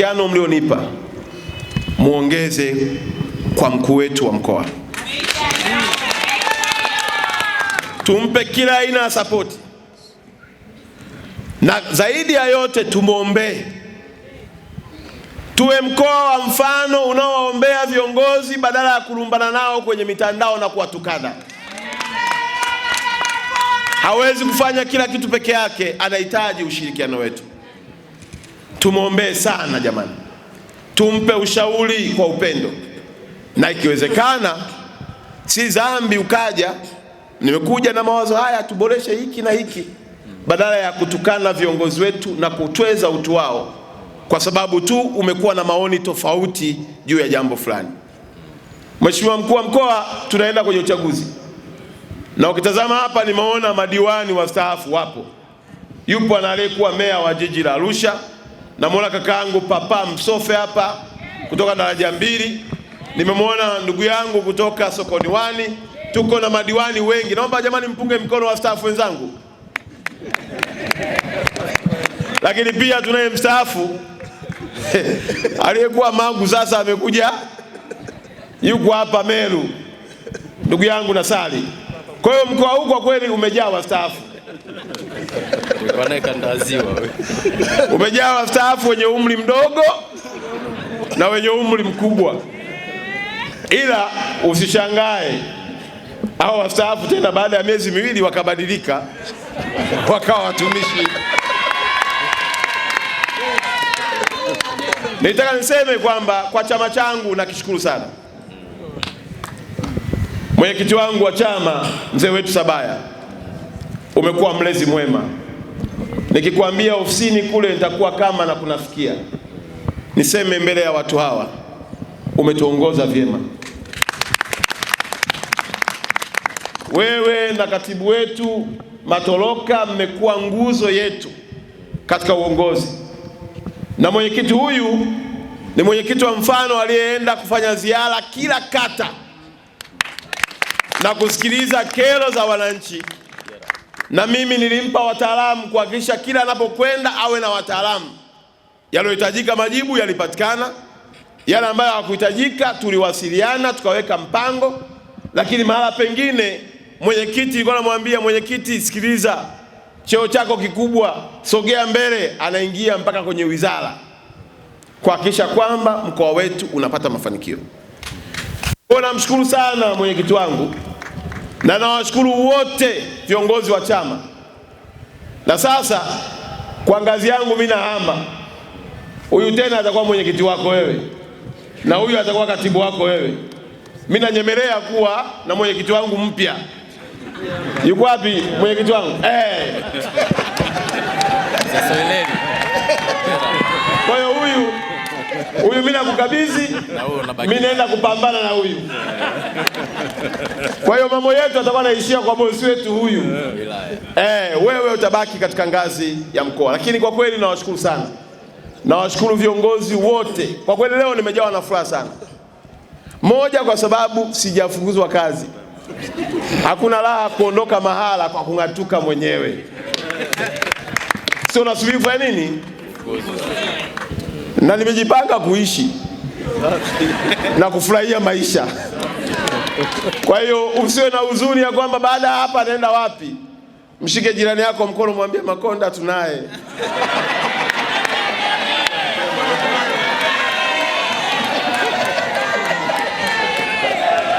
ushirikiano mlionipa muongeze kwa mkuu wetu wa mkoa, tumpe kila aina ya sapoti, na zaidi ya yote tumwombee, tuwe mkoa wa mfano unaoombea viongozi badala ya kulumbana nao kwenye mitandao na kuwatukana. Hawezi kufanya kila kitu peke yake, anahitaji ushirikiano wetu tumwombee sana jamani, tumpe ushauri kwa upendo, na ikiwezekana si dhambi ukaja nimekuja na mawazo haya, tuboreshe hiki na hiki, badala ya kutukana viongozi wetu na kutweza utu wao kwa sababu tu umekuwa na maoni tofauti juu ya jambo fulani. Mheshimiwa mkuu wa mkoa, tunaenda kwenye uchaguzi, na ukitazama hapa nimeona madiwani wastaafu wapo, yupo anayekuwa meya wa jiji la Arusha namwona kakaangu Papa Msofe hapa kutoka daraja mbili, nimemwona ndugu yangu kutoka sokoni wani, tuko na madiwani wengi. Naomba jamani, mpunge mkono wa staafu wenzangu lakini pia tunaye mstaafu aliyekuwa magu sasa amekuja yuko hapa Meru, ndugu yangu Nasali. Kwa hiyo mkoa huu kwa kweli umejaa wastaafu wewe, Umejaa wastaafu wenye umri mdogo na wenye umri mkubwa, ila usishangae au wastaafu tena baada ya miezi miwili wakabadilika wakawa watumishi. Nitaka niseme kwamba kwa chama changu nakishukuru sana mwenyekiti wangu wa chama mzee wetu Sabaya, umekuwa mlezi mwema. Nikikwambia ofisini kule nitakuwa kama na kunafikia. Niseme mbele ya watu hawa, umetuongoza vyema wewe na katibu wetu Matoloka, mmekuwa nguzo yetu katika uongozi, na mwenyekiti huyu ni mwenyekiti wa mfano aliyeenda kufanya ziara kila kata na kusikiliza kero za wananchi na mimi nilimpa wataalamu kuhakikisha kila anapokwenda awe na wataalamu. Yaliyohitajika majibu yalipatikana, yale ambayo hakuhitajika tuliwasiliana, tukaweka mpango. Lakini mahala pengine mwenyekiti alikuwa anamwambia mwenyekiti, sikiliza, cheo chako kikubwa, sogea mbele, anaingia mpaka kwenye wizara kuhakikisha kwamba mkoa wetu unapata mafanikio. Kwa namshukuru sana mwenyekiti wangu na nawashukuru wote viongozi wa chama. Na sasa kwa ngazi yangu mimi nahama, huyu tena atakuwa mwenyekiti wako wewe, na huyu atakuwa katibu wako wewe. Mimi nanyemelea kuwa na mwenyekiti wangu mpya. Yuko wapi mwenyekiti wangu? Eh. Sasa huyu mimi nakukabidhi, mimi naenda kupambana na huyu. Kwa hiyo mambo yetu atakuwa anaishia kwa bosi wetu huyu. Eh, wewe utabaki katika ngazi ya mkoa. Lakini kwa kweli nawashukuru sana, nawashukuru viongozi wote. Kwa kweli leo nimejawa na furaha sana, moja kwa sababu sijafukuzwa kazi. Hakuna raha kuondoka mahala kwa kung'atuka mwenyewe, sio unasubiri fanya nini? na nimejipanga kuishi na kufurahia maisha. Kwa hiyo usiwe na huzuni ya kwamba baada ya hapa naenda wapi. Mshike jirani yako mkono, mwambie Makonda tunaye.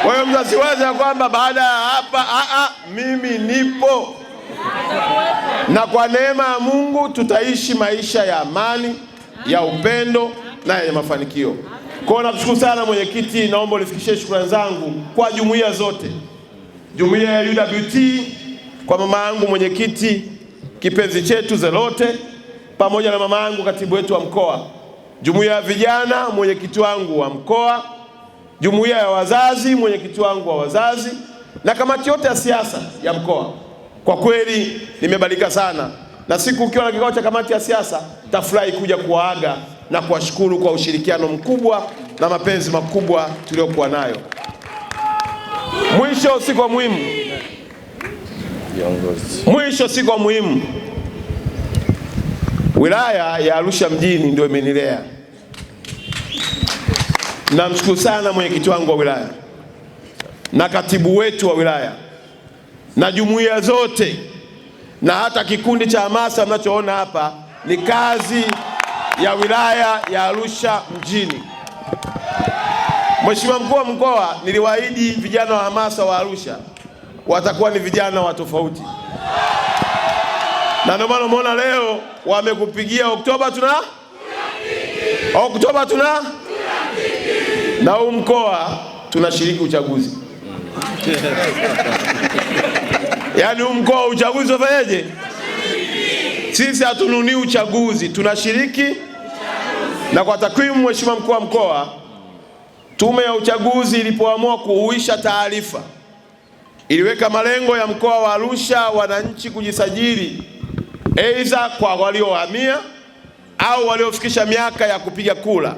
Kwa hiyo mtasiwaza ya kwamba baada ya hapa a, mimi nipo na kwa neema ya Mungu tutaishi maisha ya amani ya upendo na yenye mafanikio. Kwa hiyo nakushukuru sana mwenyekiti, naomba unifikishie shukrani zangu kwa jumuiya zote, jumuiya ya UWT, kwa mama yangu mwenyekiti kipenzi chetu Zelote, pamoja na mama yangu katibu wetu wa mkoa, jumuiya ya vijana mwenyekiti wangu wa mkoa, jumuiya ya wazazi mwenyekiti wangu wa wazazi, na kamati yote ya siasa ya mkoa. Kwa kweli nimebarika sana na siku ukiwa na kikao cha kamati ya siasa, tafurahi kuja kuwaaga na kuwashukuru kwa ushirikiano mkubwa na mapenzi makubwa tuliyokuwa nayo. Mwisho siku muhimu, mwisho kwa muhimu, wilaya ya Arusha mjini ndio imenilea. Namshukuru sana mwenyekiti wangu wa wilaya na katibu wetu wa wilaya na jumuiya zote na hata kikundi cha hamasa mnachoona hapa ni kazi ya wilaya ya Arusha mjini. Mheshimiwa mkuu wa mkoa, niliwaahidi vijana wa hamasa wa Arusha watakuwa ni vijana wa tofauti, na ndio maana umeona leo wamekupigia Oktoba tuna Oktoba tuna na huu mkoa tunashiriki uchaguzi Yaani huu mkoa uchaguzi wafanyeje? Sisi hatununii uchaguzi, tunashiriki uchaguzi. Na kwa takwimu, Mheshimiwa mkuu wa mkoa, tume ya uchaguzi ilipoamua kuhuisha taarifa iliweka malengo ya mkoa wa Arusha wananchi kujisajili aidha kwa waliohamia au waliofikisha miaka ya kupiga kura,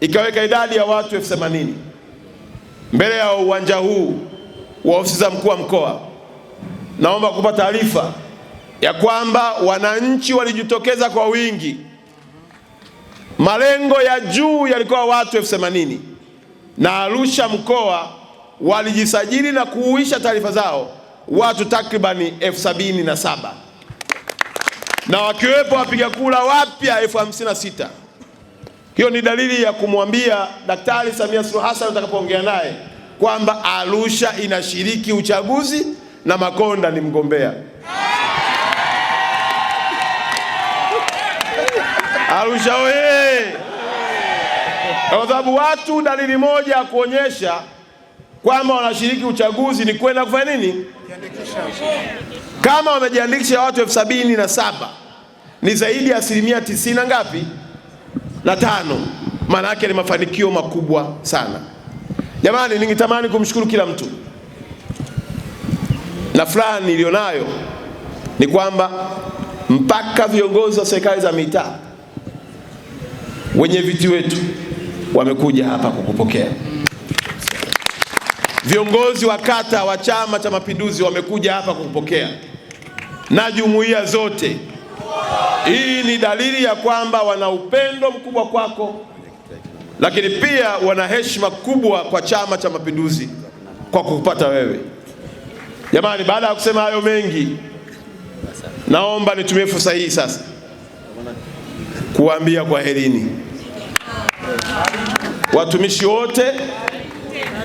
ikaweka idadi ya watu elfu themanini mbele ya uwanja huu wa ofisi za mkuu wa mkoa naomba kupa taarifa ya kwamba wananchi walijitokeza kwa wingi. Malengo ya juu yalikuwa watu elfu themanini na Arusha mkoa walijisajili na kuuisha taarifa zao watu takribani elfu sabini na saba na wakiwepo wapiga kura wapya elfu hamsini na sita. Hiyo ni dalili ya kumwambia Daktari Samia Suluhu Hassan utakapoongea naye kwamba Arusha inashiriki uchaguzi na Makonda ni mgombea Arusha oye! Kwa sababu watu, dalili moja ya kuonyesha kwamba wanashiriki uchaguzi ni kwenda kufanya nini? Kama wamejiandikisha watu elfu sabini na saba ni zaidi ya asilimia tisini na ngapi na tano, maana yake ni mafanikio makubwa sana. Jamani, ningetamani kumshukuru kila mtu na furaha nilionayo ni kwamba mpaka viongozi wa serikali za mitaa wenye viti wetu wamekuja hapa kukupokea. Viongozi wa kata wa Chama cha Mapinduzi wamekuja hapa kukupokea na jumuiya zote. Hii ni dalili ya kwamba wana upendo mkubwa kwako, lakini pia wana heshima kubwa kwa Chama cha Mapinduzi kwa kukupata wewe. Jamani, baada ya kusema hayo mengi, naomba nitumie fursa hii sasa kuambia kwaherini watumishi wote